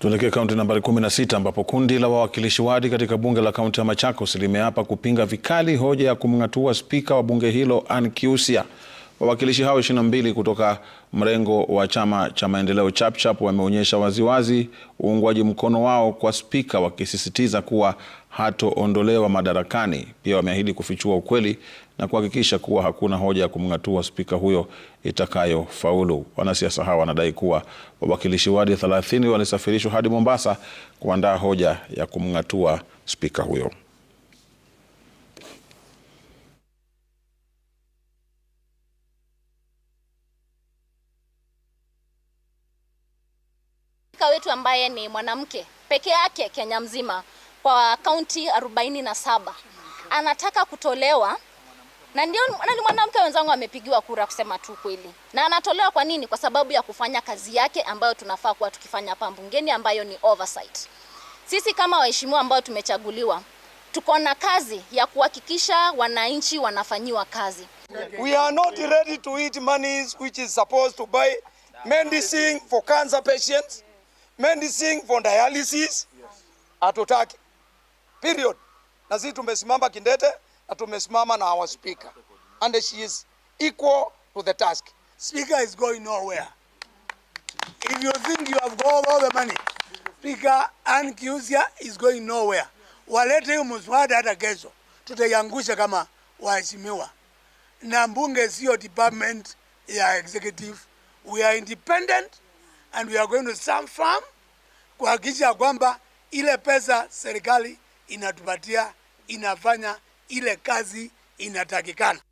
Tuelekee kaunti nambari 16 ambapo kundi la wawakilishi wadi katika bunge la kaunti ya Machakos limeapa kupinga vikali hoja ya kumng'atua spika wa bunge hilo Ann Kiusya. Wawakilishi hao 22 kutoka mrengo wa chama cha maendeleo Chapchap wameonyesha waziwazi uungwaji mkono wao kwa spika wakisisitiza kuwa hatoondolewa madarakani. Pia wameahidi kufichua ukweli na kuhakikisha kuwa hakuna hoja ya kumng'atua spika huyo itakayofaulu. Wanasiasa hao wanadai kuwa wawakilishi wadi 30 walisafirishwa hadi Mombasa kuandaa hoja ya kumng'atua spika huyo. spika wetu ambaye ni mwanamke peke yake Kenya mzima kwa kaunti 47 anataka kutolewa na ndio ni mwanamke wenzangu amepigiwa kura kusema tu kweli, na anatolewa kwa nini? Kwa sababu ya kufanya kazi yake ambayo tunafaa kuwa tukifanya hapa bungeni, ambayo ni oversight. Sisi kama waheshimiwa ambao tumechaguliwa tuko na kazi ya kuhakikisha wananchi wanafanyiwa kazi. We are not ready to eat money which is supposed to buy medicine for cancer patients medicine for dialysis yes. hatutaki period. Na sisi tumesimama kindete na tumesimama na our speaker and she is equal to the task. Speaker is going nowhere. If you think you have got all the money, Speaker Ann Kiusya is going nowhere. Walete hiyo mswada hata kesho, tutaiangusha kama waheshimiwa. Na mbunge sio department ya executive, we are independent and we are going to some farm kuhakikisha kwamba ile pesa serikali inatupatia inafanya ile kazi inatakikana.